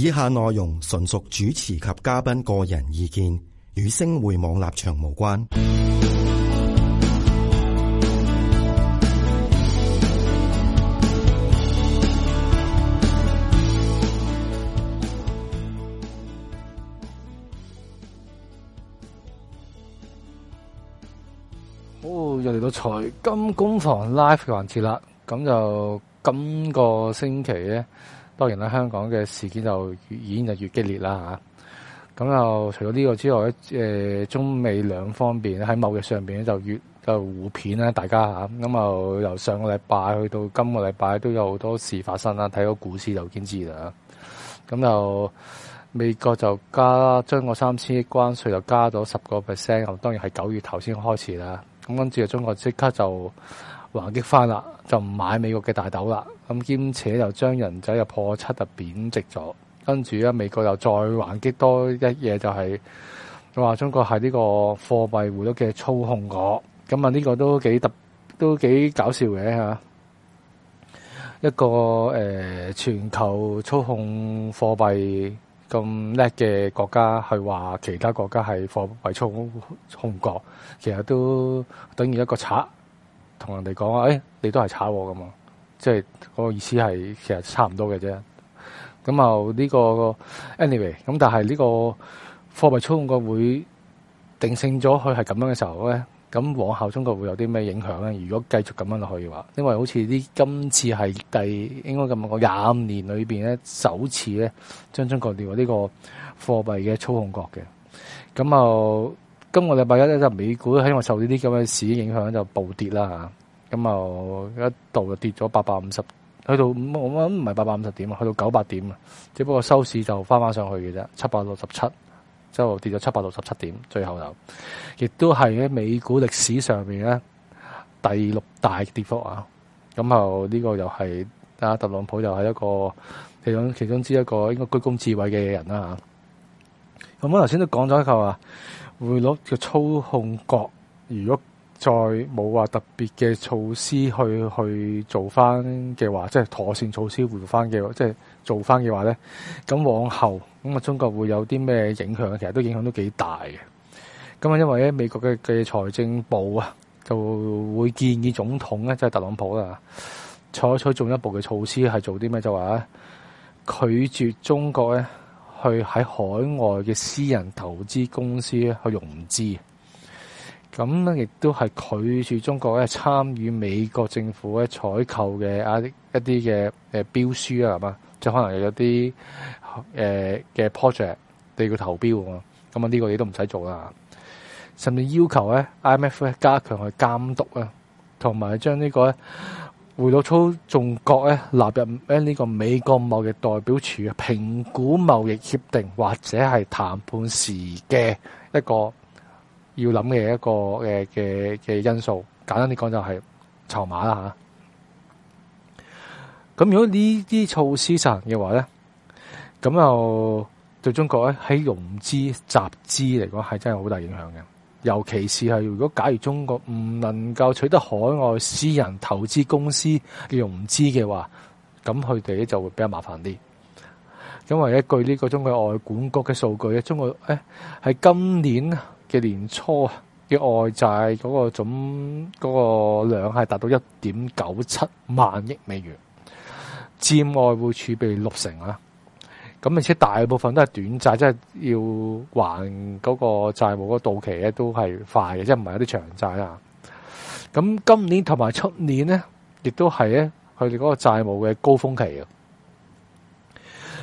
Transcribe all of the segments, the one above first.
以下內容純屬主持及嘉賓個人意見，與星匯網立場無關。好，又嚟到財金工房 live 嘅環節啦，咁就今個星期咧。當然啦，香港嘅事件就越演就越激烈啦，咁又除咗呢個之外，呃、中美兩方面喺貿易上面就越就互片啦，大家咁、啊、就由上個禮拜去到今個禮拜都有好多事發生啦。睇到股市就先知啦。咁就美國就加將個三千億關稅就加咗十個 percent，當然係九月頭先開始啦。咁跟住中國即刻就還擊翻啦，就唔買美國嘅大豆啦。咁兼且又將人仔又破七就貶值咗。跟住咧，美國又再還擊多一嘢、就係，就係話中國係呢個貨幣匯率嘅操控國。咁啊，呢個都幾特，都幾搞笑嘅一個、欸、全球操控貨幣咁叻嘅國家，去話其他國家係貨幣操控國，其實都等於一個賊，同人哋講話：欸「誒，你都係賊喎咁嘛。」即係個意思係其實差唔多嘅啫。咁啊呢個 anyway，咁但係呢個貨幣操控國會定性咗佢係咁樣嘅時候咧，咁往後中國會有啲咩影響咧？如果繼續咁樣落去嘅話，因為好似啲今次係第應該咁講廿五年裏面咧，首次咧將中國列入呢個貨幣嘅操控國嘅。咁啊、呃、今個禮拜一咧就美股希望受呢啲咁嘅事影響就暴跌啦。咁就一度就跌咗八百五十，去到我諗唔係八百五十點啊，去到九百點啊，只不過收市就翻翻上去嘅啫，七百六十七，之後跌咗七百六十七點，最後又亦都係喺美股歷史上面咧第六大跌幅啊！咁後呢個又係啊特朗普又係一個其中其中之一個應該居功至偉嘅人啦吓，咁我頭先都講咗一句話，匯率嘅操控國如果。再冇話特別嘅措施去去做翻嘅話，即係妥善措施回覆翻嘅，即係做翻嘅話咧，咁往後咁啊，中國會有啲咩影響？其實都影響都幾大嘅。咁啊，因為咧美國嘅嘅財政部啊，就會建議總統咧，即係特朗普啦，採取進一步嘅措施係做啲咩？就話拒絕中國咧去喺海外嘅私人投資公司去融資。咁咧，亦都係拒絕中國咧參與美國政府咧採購嘅啊一啲嘅標書啊，係嘛？即係可能有啲嘅 project 你要投標啊，咁啊呢個嘢都唔使做啦。甚至要求咧 IMF 加強去監督啊，同埋將呢個匯率操縱國咧納入呢個美國貿易代表處評估貿易協定或者係談判時嘅一個。要諗嘅一個嘅嘅嘅因素，簡單啲講就係籌碼啦吓。咁、啊、如果呢啲措施實行嘅話咧，咁又對中國咧喺融資集資嚟講係真係好大影響嘅，尤其是係如果假如中國唔能夠取得海外私人投資公司嘅融資嘅話，咁佢哋就會比較麻煩啲。因為根據呢個中國外管局嘅數據咧，中國誒、欸、係今年。嘅年初嘅外債嗰個總嗰個量係達到一點九七萬億美元，佔外匯儲備六成啊！咁而且大部分都係短債，即係要還嗰個債務嗰個到期咧都係快嘅，即係唔係有啲長債啊！咁今年同埋出年咧，亦都係咧佢哋嗰個債務嘅高峰期啊！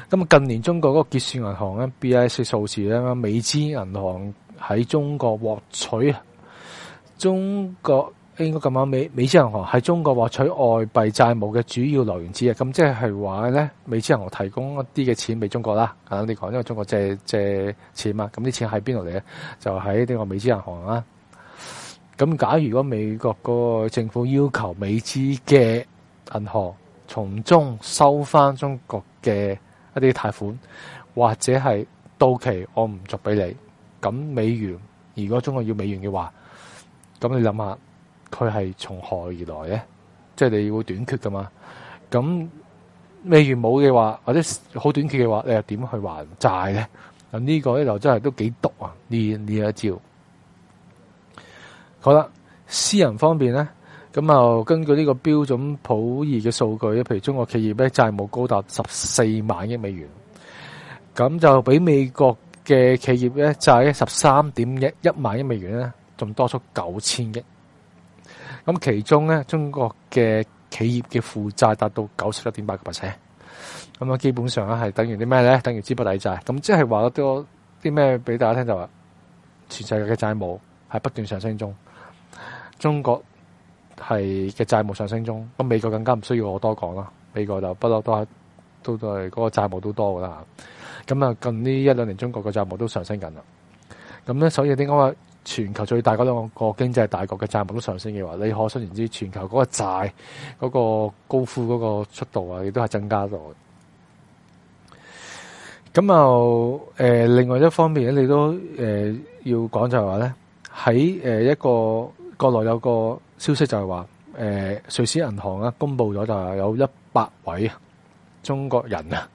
咁啊近年中國嗰個結算銀行咧，BIS 數字咧，美資銀行。喺中國獲取中國應該咁啱美，美資銀行喺中國獲取外幣債務嘅主要來源之一，咁即係話咧，美資銀行提供一啲嘅錢俾中國啦。啱你講，呢個中國借借錢嘛，咁啲錢喺邊度嚟咧？就喺呢個美資銀行啦。咁假如如果美國嗰個政府要求美資嘅銀行從中收翻中國嘅一啲貸款，或者係到期我唔續俾你。咁美元，如果中國要美元嘅話，咁你諗下，佢係從何而來咧？即係你會短缺噶嘛？咁美元冇嘅話，或者好短缺嘅話，你又點去還債咧？咁呢個咧就真係都幾毒啊！呢呢一招。好啦，私人方面咧，咁啊，根據呢個標準普爾嘅數據，譬如中國企業咧債務高達十四萬億美元，咁就俾美國。嘅企業咧就係十三點一一萬億美元咧，仲多出九千億。咁其中咧，中國嘅企業嘅負債達到九十七點八個 percent。咁啊，基本上啊係等於啲咩咧？等於資不抵債。咁即係話咗啲咩俾大家聽就話、是，全世界嘅債務係不斷上升中。中國係嘅債務上升中，咁美國更加唔需要我多講啦。美國就不嬲都係都係嗰、那個債務都多噶啦。咁啊，近呢一兩年，中國嘅債務都上升緊啦。咁咧，所以點解話全球最大嗰兩個經濟大國嘅債務都上升嘅話，你可想而知，全球嗰個債嗰個高呼嗰個速度啊，亦都係增加咗。咁啊，誒，另外一方面咧，你都誒要講就係話咧，喺誒一個國內有個消息就係話，誒瑞士銀行啊，公布咗就係有一百位中國人啊。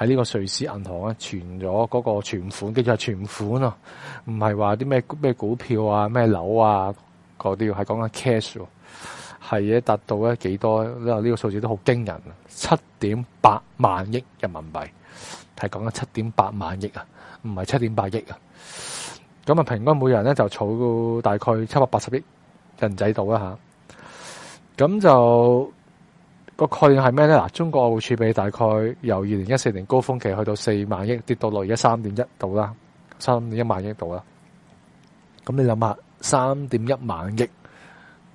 喺呢個瑞士銀行啊，存咗嗰個存款，跟住係存款咯啊，唔係話啲咩咩股票啊，咩樓啊，嗰啲係講緊 cash，係嘢達到咧幾多，呢個呢個數字都好驚人啊，七點八萬億人民幣，係講緊七點八萬億啊，唔係七點八億啊，咁啊平均每人咧就儲到大概七百八十億人仔度啊吓，咁就。個概念係咩咧？嗱，中國外匯儲備大概由二零一四年高峰期去到四萬億，跌到落而家三點一度啦，三點一萬億度啦。咁你諗下，三點一萬億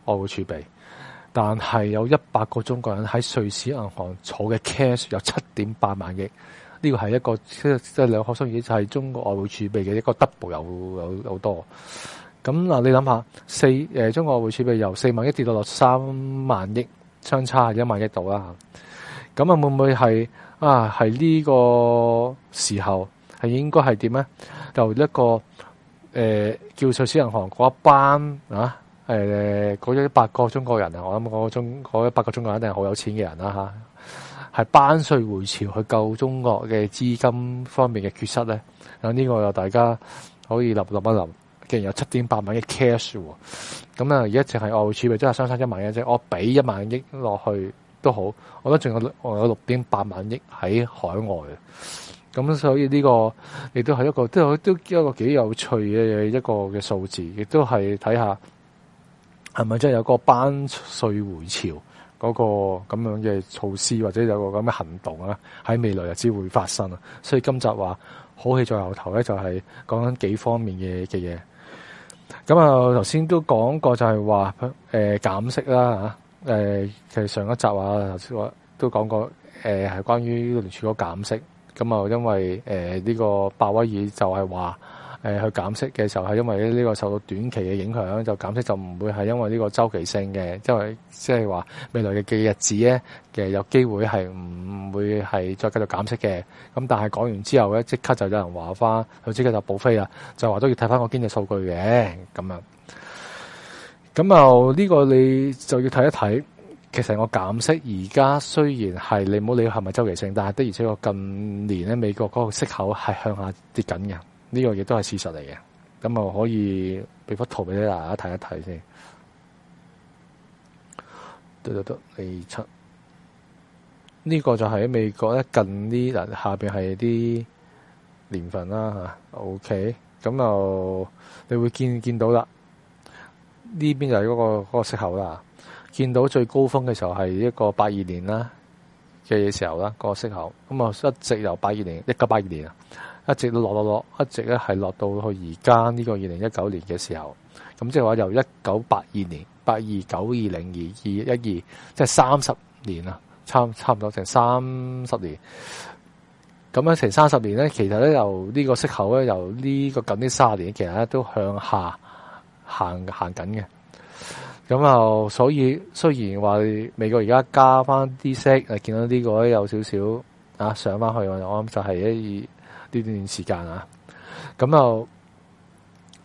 外匯儲備，但係有一百個中國人喺瑞士銀行儲嘅 cash 有七點八萬億，呢、呢個係一個即係即係兩行相依，就係中國外匯儲備嘅一個 double 有有好多。咁嗱，你諗下，四誒、呃，中國外匯儲備由四萬億跌到落三萬億。相差一萬億度啦，咁啊會唔會係啊係呢個時候係應該係點咧？就一個、呃、叫瑞士銀行嗰一班啊誒嗰、欸、一百個中國人啊，我諗嗰中嗰一百個中國人一定係好有錢嘅人啦係、啊、班稅回潮去救中國嘅資金方面嘅缺失咧。咁呢個又大家可以諗諗一諗。竟然有七點八萬億 cash 喎，咁咧而家淨係外儲嘅，即係相差一萬億啫。我俾一萬億落去都好，我都仲有6，我有六點八萬億喺海外嘅。咁所以呢個亦都係一個都都一個幾有趣嘅一個嘅數字，亦都係睇下係咪真係有個班稅回潮嗰個咁樣嘅措施，或者有個咁嘅行動啊，喺未來日子會發生啊。所以今集話好戲在後頭咧，就係、是、講緊幾方面嘅嘅嘢。咁啊，頭先都講過，就係話，誒減息啦吓，誒、呃、其實上一集啊，頭先話都講過，誒、呃、係關於聯儲局減息，咁啊因為誒呢、呃這個鮑威爾就係話。誒，去減息嘅時候係因為呢個受到短期嘅影響，就減息就唔會係因為呢個周期性嘅，即係即係話未來嘅嘅日子咧嘅有機會係唔會係再繼續減息嘅。咁但係講完之後咧，即刻就有人話翻，佢即刻就補飛啦，就話都要睇翻個經濟數據嘅咁樣。咁啊，呢個你就要睇一睇。其實我減息而家雖然係你唔好理係咪周期性，但係的而且確近年咧美國嗰個息口係向下跌緊嘅。呢、這個嘢都係事實嚟嘅。咁啊可以俾幅圖俾大家睇一睇先。六六六呢個就喺美國咧，近呢嗱下邊係啲年份啦吓。OK，咁啊你會見見到啦，呢邊就係嗰，那個嗰，那個息口啦。見到最高峰嘅時候係一個八二年啦嘅時候啦，那個息口，咁啊一直由八二年一九八二年啊。一直落落落，一直咧係落到去而家呢個二零一九年嘅時候。咁即係話由一九八二年八二九二零二二一二，即係三十年啦，差差唔多成三十年。咁樣成三十年咧，其實咧由呢個息口咧，由呢個近呢三十年，其實咧都向下行行緊嘅。咁啊，所以雖然話美國而家加翻啲息，見到呢個咧有少少啊上翻去，我諗就係一二，呢段時間啊，咁又，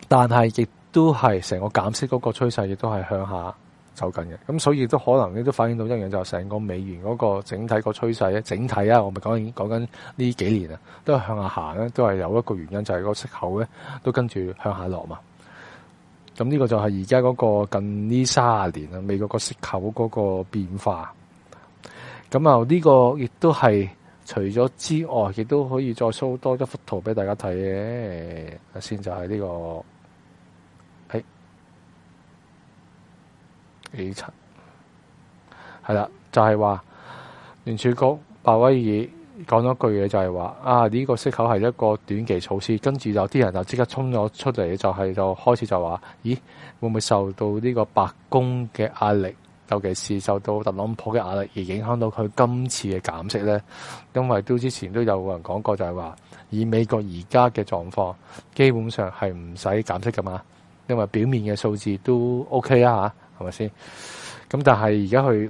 但係亦都係成個減息嗰個趨勢，亦都係向下走緊嘅。咁所以亦都可能咧，都反映到一樣就係成個美元嗰個整體個趨勢咧，整體啊，我咪講緊呢幾年啊，都係向下行咧，都係有一個原因，就係、是、個息口咧都跟住向下落嘛。咁呢個就係而家嗰個近呢三十年啊，美國個息口嗰個變化。咁啊，呢、這個亦都係。除咗之外，亦都可以再 show 多一幅圖俾大家睇嘅。先就係呢、這個，係、哎、幾層，係啦，就係、是、話聯儲局白威爾講咗句嘢，就係話啊，呢、這個息口係一個短期措施，跟住有啲人就即刻衝咗出嚟，就係就開始就話，咦，會唔會受到呢個白宮嘅壓力？尤其是受到特朗普嘅壓力而影響到佢今次嘅減息咧，因為都之前都有人講過就，就係話以美國而家嘅狀況，基本上係唔使減息噶嘛，因為表面嘅數字都 OK 啊嚇，係咪先？咁但係而家佢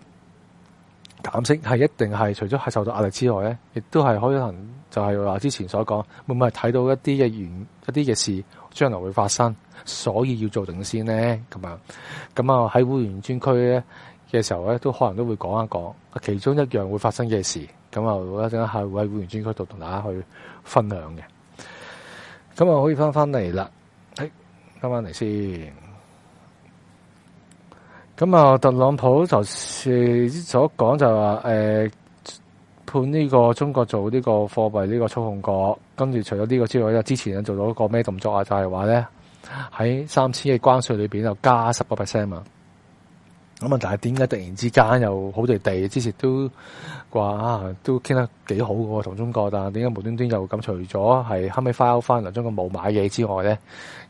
減息係一定係除咗係受到壓力之外咧，亦都係可能就係話之前所講，會唔會係睇到一啲嘅原一啲嘅事將來會發生，所以要做定先呢？咁樣。咁啊喺烏源專區咧，嘅時候咧，都可能都會講一講，其中一樣會發生嘅事，咁啊，一陣間喺會員專區度同大家去分享嘅。咁啊，可以翻翻嚟啦，翻翻嚟先。咁啊，特朗普就是所講就話誒判呢個中國做呢個貨幣呢個操控國，跟住除咗呢個之外，又之前做到一個咩動作啊？就係話咧喺三千億關稅裏邊又加十個 percent 啊！咁問題係點解突然之間又好地地？之前都話啊，都傾得幾好嘅喎同中國，但係點解無端端又咁？除咗係後尾 file 翻嚟中國冇買嘢之外呢？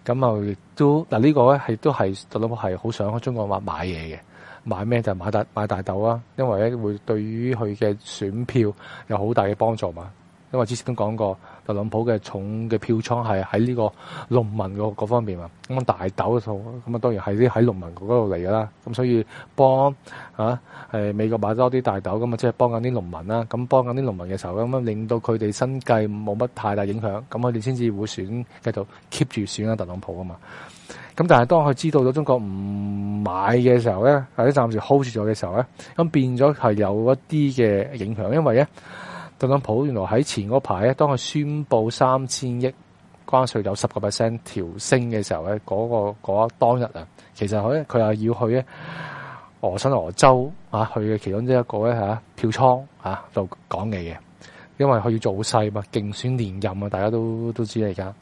咁啊亦都嗱呢個呢，係都係特朗普係好想中國買嘢嘅，買咩就係買大、買大豆啊，因為呢會對於佢嘅選票有好大嘅幫助嘛。因為之前都講過。特朗普嘅重嘅票倉係喺呢個農民嗰方面嘛啊，咁大豆嘅數，咁啊當然係啲喺農民嗰度嚟噶啦，咁所以幫啊，係美國買多啲大豆，咁啊即係幫緊啲農民啦，咁幫緊啲農民嘅時候，咁啊令到佢哋生計冇乜太大影響，咁佢哋先至會選繼續 keep 住選啊特朗普啊嘛。咁但係當佢知道咗中國唔買嘅時候咧，或者暫時 hold 住咗嘅時候咧，咁變咗係有一啲嘅影響，因為咧。特朗普原來喺前嗰排咧，當佢宣布三千億關稅有十個 percent 調升嘅時候咧，嗰個嗰當日啊，其實佢佢又要去咧俄新俄州啊，去嘅其中一個咧嚇、啊、票倉啊就講嘅嘢，因為佢要做勢嘛，競選連任啊，大家都都知嚟噶。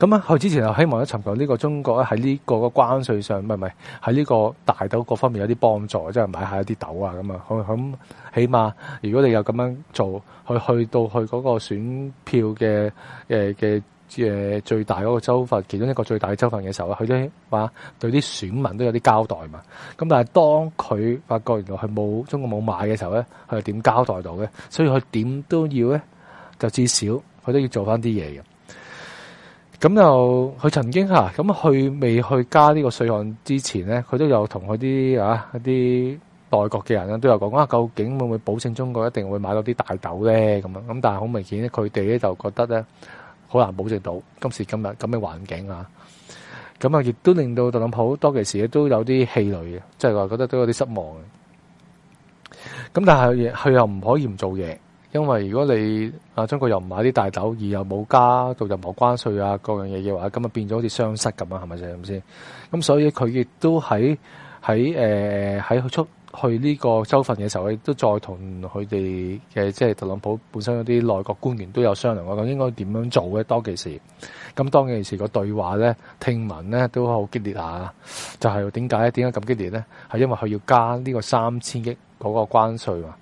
咁啊，佢之前又希望咧尋求呢個中國咧喺呢個個關稅上，唔係唔係喺呢個大豆各方面有啲幫助，即係買下啲豆啊咁啊。佢咁，起碼如果你有咁樣做，佢去到去嗰個選票嘅誒嘅誒最大嗰個州份，其中一個最大嘅州份嘅時候咧，佢都話對啲選民都有啲交代嘛。咁但係當佢發覺原來佢冇中國冇買嘅時候咧，佢又點交代到咧？所以佢點都要咧，就至少佢都要做翻啲嘢嘅。咁又佢曾經嚇咁去未去加呢個稅項之前咧，佢都有同佢啲啊一啲外國嘅人咧都有講啊，究竟會唔會保證中國一定會買到啲大豆咧？咁啊咁，但係好明顯咧，佢哋咧就覺得咧好難保證到今時今日咁嘅環境啊。咁啊，亦都令到特朗普當其時咧都有啲氣餒嘅，即係話覺得都有啲失望嘅。咁但係佢又唔可以唔做嘢。因為如果你啊中國又唔買啲大豆，而又冇加到任何關稅啊各樣嘢嘅話，咁啊變咗好似雙失咁啊，係咪先？咁先。咁所以佢亦都喺喺誒喺出去呢個州份嘅時候，亦都再同佢哋嘅即係特朗普本身嗰啲內閣官員都有商量，我講應該點樣做嘅？當其時，咁當其時個對話咧，聽聞咧都好激烈下、啊，就係點解？點解咁激烈咧？係因為佢要加呢個三千億嗰個關稅嘛。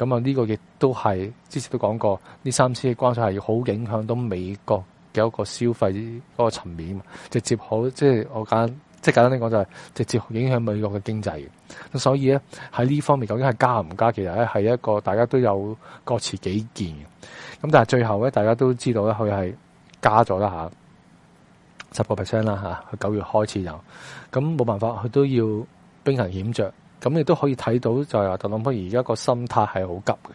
咁啊，呢個亦都係之前都講過，呢三次嘅關稅係好影響到美國嘅一個消費嗰個層面，直接好即係我簡即係簡單啲講就係直接影響美國嘅經濟。咁所以咧，喺呢方面究竟係加唔加，其實咧係一個大家都有各持己見嘅。咁但係最後咧，大家都知道咧，佢係加咗啦吓，十個 percent 啦吓，佢九月開始就咁，冇辦法，佢都要兵行險著。咁亦都可以睇到，就係特朗普而家個心態係好急嘅，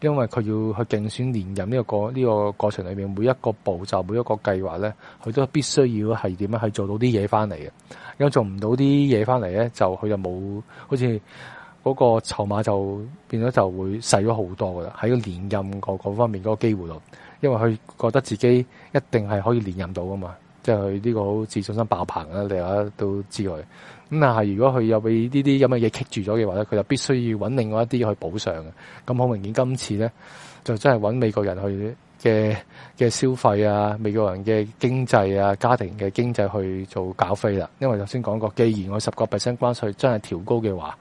因為佢要去競選連任呢個過呢個過程裏面每一個步驟、每一個計劃咧，佢都必須要係點樣去做到啲嘢翻嚟嘅。因為做唔到啲嘢翻嚟咧，就佢就冇好似嗰個籌碼就變咗就會細咗好多噶啦，喺個連任個方面嗰個機會度，因為佢覺得自己一定係可以連任到啊嘛，即係佢呢個好自信心爆棚啊！大家都知佢。咁如果佢又被呢啲咁嘅嘢棘住咗嘅話咧，佢就必須要揾另外一啲去補償嘅。咁好明顯，今次咧就真係揾美國人去嘅嘅消費啊，美國人嘅經濟啊，家庭嘅經濟去做搞費啦。因為頭先講過，既然我十個 percent 關稅真係調高嘅話，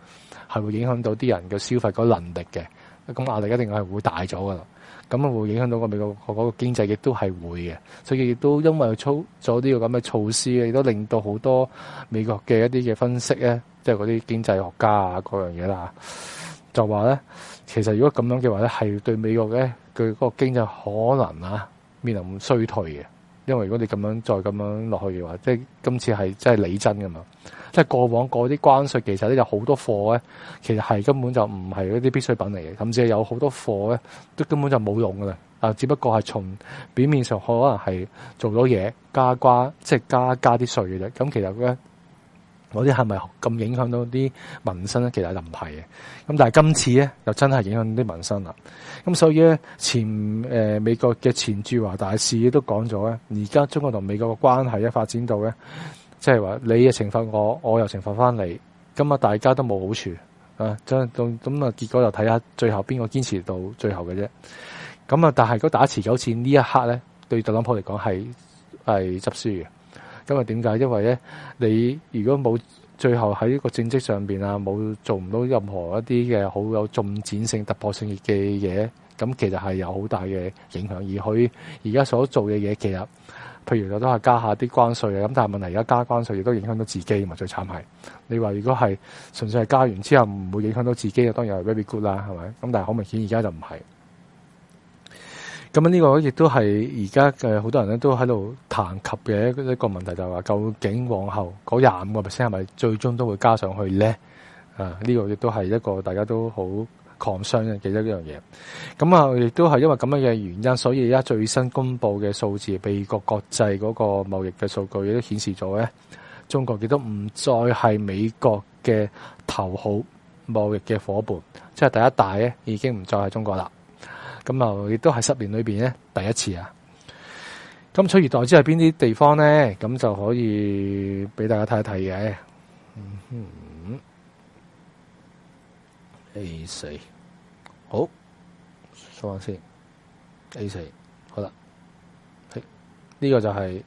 係會影響到啲人嘅消費嗰個能力嘅，咁壓力一定係會大咗噶啦。咁啊，會影響到個美國嗰個經濟，亦都係會嘅。所以亦都因為佢操咗呢個咁嘅措施，亦都令到好多美國嘅一啲嘅分析咧，即係嗰啲經濟學家啊，嗰樣嘢啦，就話咧，其實如果咁樣嘅話咧，係對美國咧，佢嗰個經濟可能啊，面臨衰退嘅。因為如果你咁樣再咁樣落去嘅話，即係今次係真係理真咁嘛即係過往嗰啲關稅，其實咧有好多貨咧，其實係根本就唔係嗰啲必需品嚟嘅，甚至係有好多貨咧都根本就冇用嘅啦。啊，只不過係從表面上可能係做咗嘢加關，即係加加啲稅嘅啫。咁其實咧，嗰啲係咪咁影響到啲民生咧？其實就唔係嘅。咁但係今次咧，又真係影響啲民生啦。咁所以咧，前、呃、美國嘅前駐華大使都講咗咧，而家中國同美國嘅關係一發展到咧。即係話你嘅，懲罰我，我又懲罰翻你，咁啊大家都冇好處啊，咁咁啊結果就睇下最後邊個堅持到最後嘅啫。咁、嗯、啊，但係如果打持久戰呢一刻咧，對特朗普嚟講係係執輸嘅。咁啊點解？因為咧你如果冇最後喺呢個政績上邊啊，冇做唔到任何一啲嘅好有進展性、突破性嘅嘢，咁其實係有好大嘅影響。而佢而家所做嘅嘢，其實。譬如我都係加下啲關稅啊，咁但係問題而家加關稅亦都影響到自己，咪最慘係你話如果係純粹係加完之後唔會影響到自己嘅，當然係 very good 啦，係咪？咁但係好明顯而家就唔係咁。呢個亦都係而家嘅好多人咧都喺度談及嘅一個問題，就係話究竟往後嗰廿五個 percent 係咪最終都會加上去咧？啊，呢個亦都係一個大家都好。抗商嘅記得呢樣嘢，咁啊，亦都係因為咁樣嘅原因，所以而家最新公布嘅數字，美國國際嗰個貿易嘅數據，亦都顯示咗咧，中國亦都唔再係美國嘅頭號貿易嘅伙伴，即係第一大咧，已經唔再係中國啦。咁啊，亦都係十年裏面咧第一次啊。咁取而代之係邊啲地方咧？咁就可以俾大家睇一睇嘅。嗯 A 四，好，數下先。A 四，好啦，係、這、呢個就係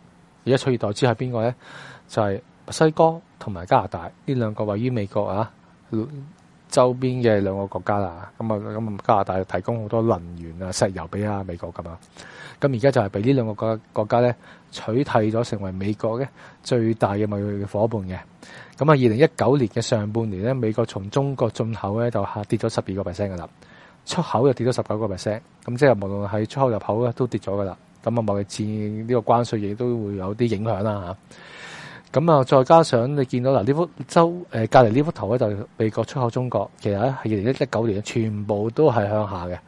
而家取而代之係邊個咧？就係、是、墨西哥同埋加拿大呢兩個位於美國啊周邊嘅兩個國家啦。咁啊，咁加拿大提供好多能源啊、石油俾啊美國咁啊。咁而家就係俾呢兩個國國家咧取締咗，成為美國嘅最大嘅貿易伙伴嘅。咁啊，二零一九年嘅上半年咧，美國從中國進口咧就下跌咗十二個 percent 噶啦，出口又跌咗十九個 percent。咁即係無論喺出口入口咧都跌咗噶啦。咁啊，貿易戰呢個關稅亦都會有啲影響啦吓。咁啊，再加上你見到嗱呢幅周誒隔籬呢幅圖咧，就美國出口中國，其實咧係二零一九年全部都係向下嘅。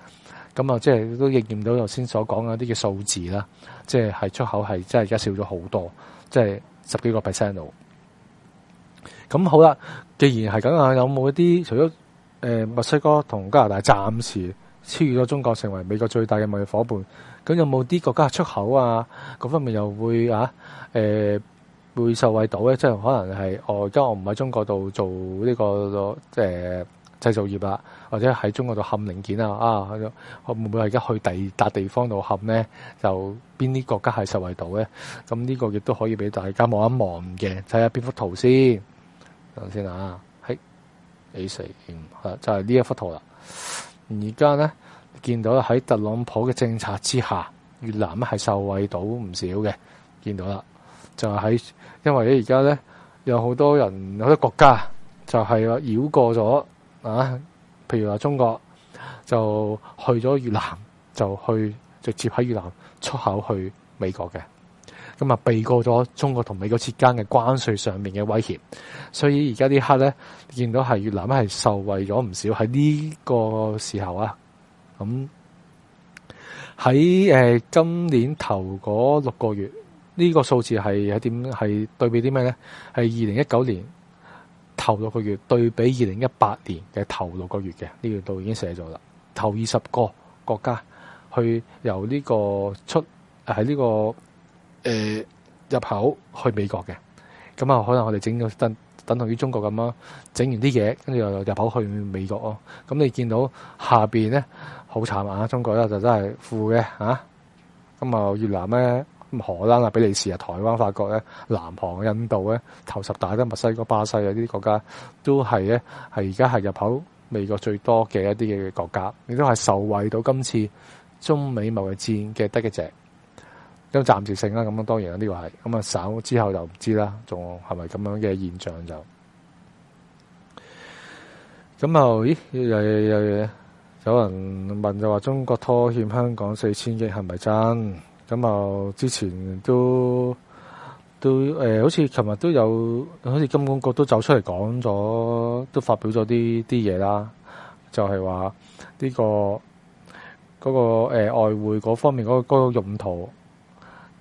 咁啊，即係都認驗到頭先所講嘅啲嘅數字啦，即係出口係真係而家少咗好多，即係十幾個 percent。咁好啦，既然係咁啊，有冇一啲除咗誒、呃、墨西哥同加拿大暫時超越咗中國成為美國最大嘅貿易伙伴，咁有冇啲國家出口啊？各方面又會啊、呃、會受惠到咧？即係可能係我而家我唔喺中國度做呢個、呃製造業啊，或者喺中國度冚零件啊，啊，會唔會而家去第二笪地方度冚咧？就邊啲國家係受惠到咧？咁呢個亦都可以俾大家望一望嘅，睇下邊幅圖先。等先啊，喺 A 四，就係呢一幅圖啦。而家咧見到喺特朗普嘅政策之下，越南咧係受惠到唔少嘅。見到啦，就係喺，因為咧而家咧有好多人好多國家就係繞過咗。啊，譬如話中國就去咗越南，就去就直接喺越南出口去美國嘅，咁啊避過咗中國同美國之間嘅關稅上面嘅威脅，所以而家呢刻咧，你見到係越南係受惠咗唔少喺呢個時候啊，咁喺誒今年頭嗰六個月呢個數字係係點？係對比啲咩咧？係二零一九年。頭六個月對比二零一八年嘅頭六個月嘅呢段度已經寫咗啦，頭二十個國家去由呢個出喺呢、這個誒、呃、入口去美國嘅，咁啊可能我哋整到等等同於中國咁啦，整完啲嘢跟住又入口去美國哦，咁你見到下邊咧好慘啊，中國咧就真係負嘅啊，咁啊越南咧。荷蘭啊、比利時啊、台灣、法國咧、南韓、印度咧、頭十大咧、墨西哥、巴西啊，呢啲國家都係咧，係而家係入口美國最多嘅一啲嘅國家，亦都係受惠到今次中美貿易戰嘅得益者。咁暫時性啦，咁當然啦，呢個係，咁啊，稍之後就唔知啦，仲係咪咁樣嘅現象就咁啊？咦，有，有，有，有，有人問就話中國拖欠香港四千億係咪真？咁啊！之前都都誒、呃，好似琴日都有，好似金管局都走出嚟講咗，都發表咗啲啲嘢啦，就係話呢個嗰、嗰個誒、呃、外匯嗰方面嗰個、嗰個用途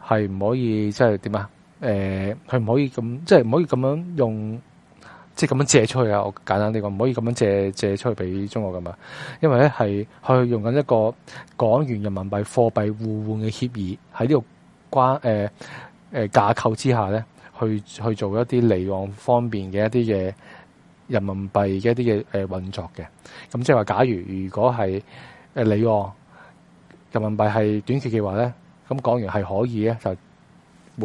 係唔可以即係點啊？誒、呃，佢唔可以咁，即係唔可以咁樣用。即係咁樣借出去啊！我簡單啲講，唔可以咁樣借借出去俾中國㗎嘛，因為咧係去用緊一個港元人民幣貨幣互換嘅協議，喺呢個關誒、呃、架構之下咧，去去做一啲離岸方面嘅一啲嘅人民幣嘅一啲嘅運作嘅。咁即係話，假如如果係誒離岸人民幣係短缺嘅話咧，咁港元係可以咧，就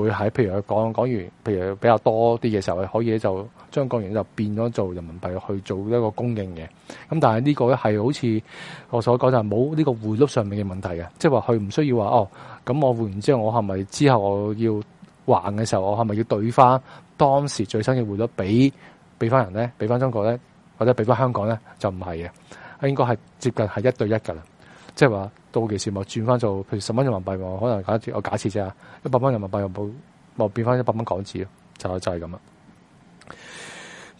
會喺譬如佢港港元，譬如比較多啲嘅時候，可以咧就。將港元就變咗做人民幣去做一個供應嘅，咁但係呢個係好似我所講就冇呢個匯率上面嘅問題嘅，即係話佢唔需要話哦，咁我換完之後我係咪之後我要還嘅時候我係咪要兌翻當時最新嘅匯率俾俾翻人咧？俾翻中國咧，或者俾翻香港咧，就唔係嘅，應該係接近係一對一㗎啦。即係話到期時冇轉翻做譬如十蚊人民幣喎，我可能假設我假設啫，一百蚊人民幣又冇冇變翻一百蚊港紙就就係咁啦。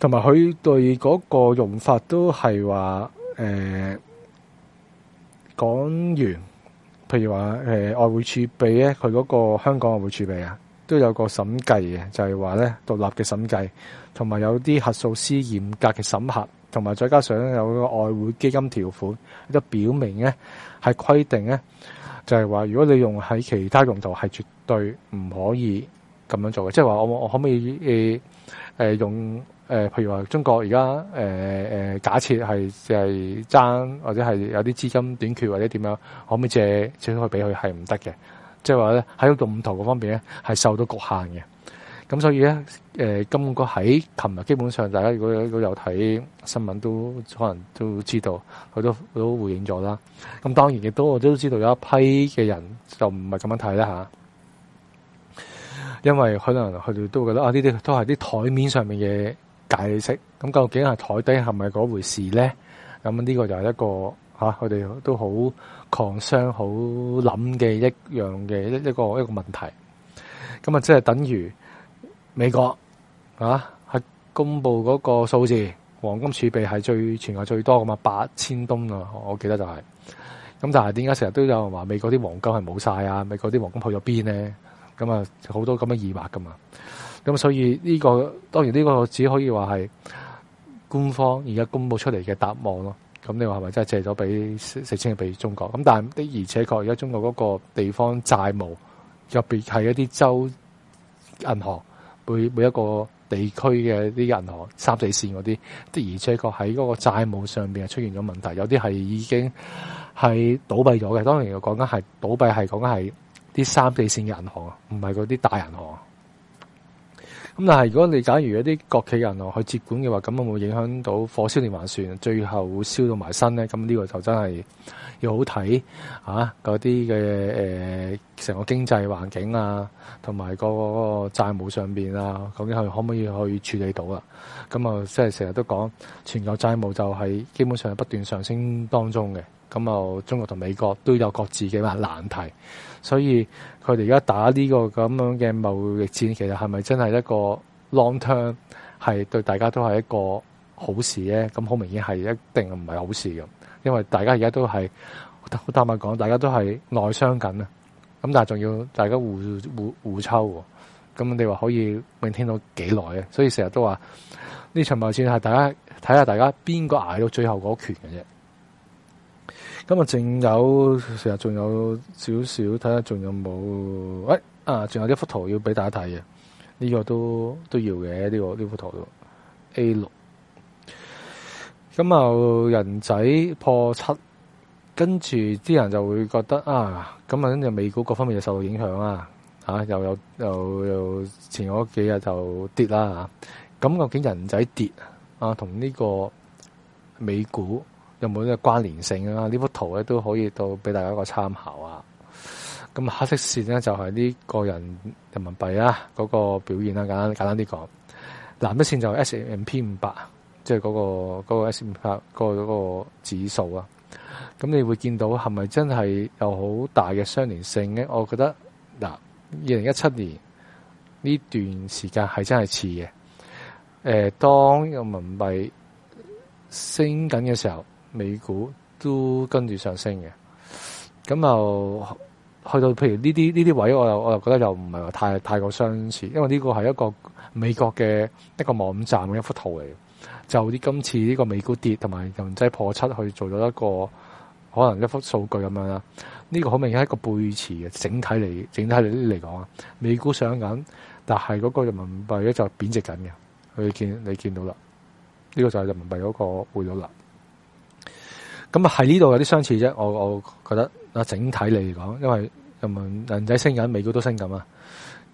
同埋佢對嗰個用法都係話誒講完，譬如話、呃、外匯儲備咧，佢嗰個香港外匯儲備啊，都有個審計嘅，就係話咧獨立嘅審計，同埋有啲核數師嚴格嘅審核，同埋再加上有個外匯基金條款，都表明咧係規定咧，就係話如果你用喺其他用途係絕對唔可以咁樣做嘅，即係話我我可唔可以、呃呃、用？誒、呃，譬如話中國而家誒假設係即係爭，或者係有啲資金短缺或者點樣，可唔可以借錢去俾佢？係唔得嘅，即係話咧喺個五頭嗰方面咧係受到局限嘅。咁所以咧誒，金管局喺琴日基本上大家如果如果有睇新聞都可能都知道佢都都回應咗啦。咁當然亦都我都知道有一批嘅人就唔係咁樣睇啦嚇，因為可能佢哋都會覺得啊呢啲都係啲台面上面嘅。解釋咁究竟係台底係咪嗰回事咧？咁呢個就係一個吓，佢、啊、哋都好抗商、好諗嘅一樣嘅一一個一個，一個問題。咁啊，即係等於美國啊，係公布嗰個數字，黃金儲備係最全球最多噶嘛，八千噸啊，我記得就係、是。咁但係點解成日都有人話美國啲黃金係冇晒啊？美國啲黃金去咗邊咧？咁啊，好多咁嘅疑惑噶嘛。咁所以呢個當然呢個只可以話係官方而家公布出嚟嘅答案咯。咁你話係咪真係借咗俾四,四千億俾中國？咁但係的而且確，而家中國嗰個地方債務，入邊係一啲州銀行每每一個地區嘅啲銀行三四線嗰啲的而且確喺嗰個債務上面出現咗問題，有啲係已經係倒閉咗嘅。當然又講緊係倒閉係講緊係啲三四線嘅銀行啊，唔係嗰啲大銀行咁但係如果你假如一啲國企人哦去接管嘅話，咁會唔會影響到火燒連環船，最後燒到埋身咧？咁呢個就真係要好睇啊！嗰啲嘅誒成個經濟環境啊，同埋、嗰個、嗰個債務上邊啊，究竟後面可唔可以去處理到啊？咁啊，即係成日都講全球債務就喺基本上係不斷上升當中嘅。咁啊，中國同美國都有各自嘅嘛難題，所以，佢哋而家打呢個咁樣嘅貿易戰，其實係咪真係一個 long term 係對大家都係一個好事咧？咁好明顯係一定唔係好事嘅，因為大家而家都係好坦白講，大家都係內傷緊啊！咁但係仲要大家互互互抽喎，咁你話可以維持到幾耐咧？所以成日都話呢場貿易戰係大家睇下，看看大家邊個捱到最後嗰拳嘅啫。今日仲有成日，仲有少少睇下，仲有冇？喂，啊，仲有一幅圖要俾大家睇嘅，呢、呢個都都要嘅，呢、呢個呢幅圖都 A 六。咁啊，人仔破七，跟住啲人就會覺得啊，咁跟住美股各方面又受到影響啊，又有又又前嗰幾日就跌啦，咁、啊、究竟人仔跌啊，同呢個美股？有冇呢個關聯性啊？呢幅圖呢都可以到畀大家一個參考啊！咁黑色線呢，就係、是、呢個人人民幣啊，嗰、那個表現啊。簡單簡單啲講，藍色線就係 S&P 500即係嗰個嗰、那個 S&P 500嗰個嗰、那個指數啊！咁你會見到係咪真係有好大嘅相連性呢？我覺得嗱，二零一七年呢段時間係真係似嘅、呃。當人民幣升緊嘅時候。美股都跟住上升嘅，咁又去到譬如呢啲呢啲位我，我又我又覺得又唔係話太太過相似，因為呢個係一個美國嘅一個網站嘅一幅圖嚟，就啲今次呢個美股跌同埋人民幣破七去做咗一個可能一幅數據咁樣啦。呢個好明顯係一個背馳嘅整體嚟，整體嚟嚟講啊，美股上緊，但係嗰個人民幣咧就貶值緊嘅。佢見你見到啦，呢個就係人民幣嗰個匯率啦。咁啊，係呢度有啲相似啫，我我覺得啊，整體嚟講，因為人民人仔升緊，美國都升緊啊。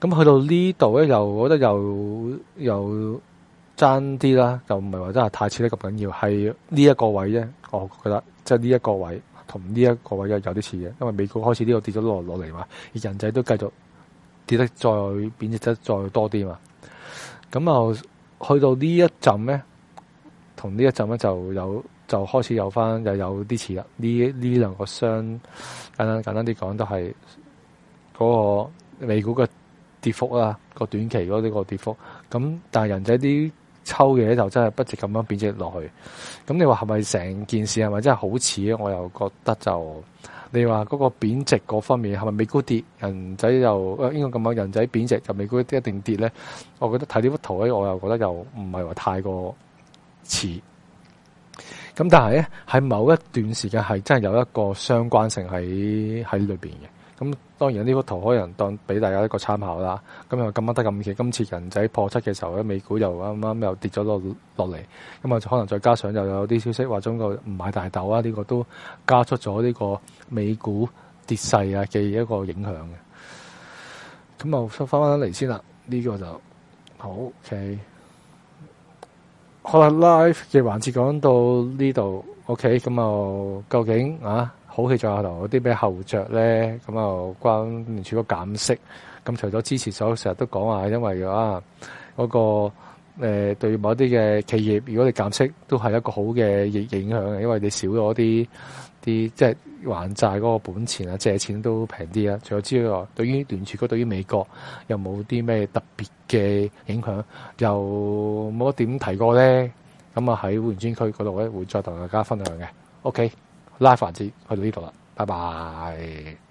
咁去到呢度咧，又覺得又又爭啲啦，又唔係話真係太似得咁緊要，係呢一個位呢，我覺得即係呢一個位同呢一個位又有啲似嘅，因為美國開始呢度跌咗落落嚟嘛，而人仔都繼續跌得再貶值得再多啲啊嘛。咁啊，去到呢一陣咧，同呢一陣咧就有。就開始有翻又有啲似啦，呢呢兩個箱簡單簡單啲講都係嗰個美股嘅跌幅啦，個短期嗰啲個跌幅。咁但係人仔啲抽嘅，就真係不值咁樣貶值落去。咁你話係咪成件事係咪真係好似咧？我又覺得就你話嗰個貶值嗰方面係咪美股跌，人仔又應該咁樣，人仔貶值就美股一定跌咧？我覺得睇呢幅圖咧，我又覺得又唔係話太過似。咁但係咧，喺某一段時間係真係有一個相關性喺喺裏邊嘅。咁當然呢幅圖可能當俾大家一個參考啦。咁又今晚得咁嘅，今次人仔破七嘅時候咧，美股又啱啱又跌咗落落嚟。咁啊，可能再加上又有啲消息話中國唔買大豆啊，呢個都加出咗呢個美股跌勢啊嘅一個影響嘅。咁啊，收翻翻嚟先啦，呢個就好。ok。好啦，live 嘅環節講到呢度，OK，咁啊，究竟啊，好戲在後頭，有啲咩後著咧？咁啊，關聯儲個減息，咁除咗之前所成日都講話，因為啊，嗰、那個誒、呃、對某啲嘅企業，如果你減息，都係一個好嘅影影響嘅，因為你少咗啲。啲即係還債嗰個本錢啊，借錢都平啲啊！除咗之外，對於聯儲局對於美國又有冇啲咩特別嘅影響，又冇點提過咧？咁啊喺會員專區嗰度咧，會再同大家分享嘅。OK，拉飯節去到呢度啦，拜拜。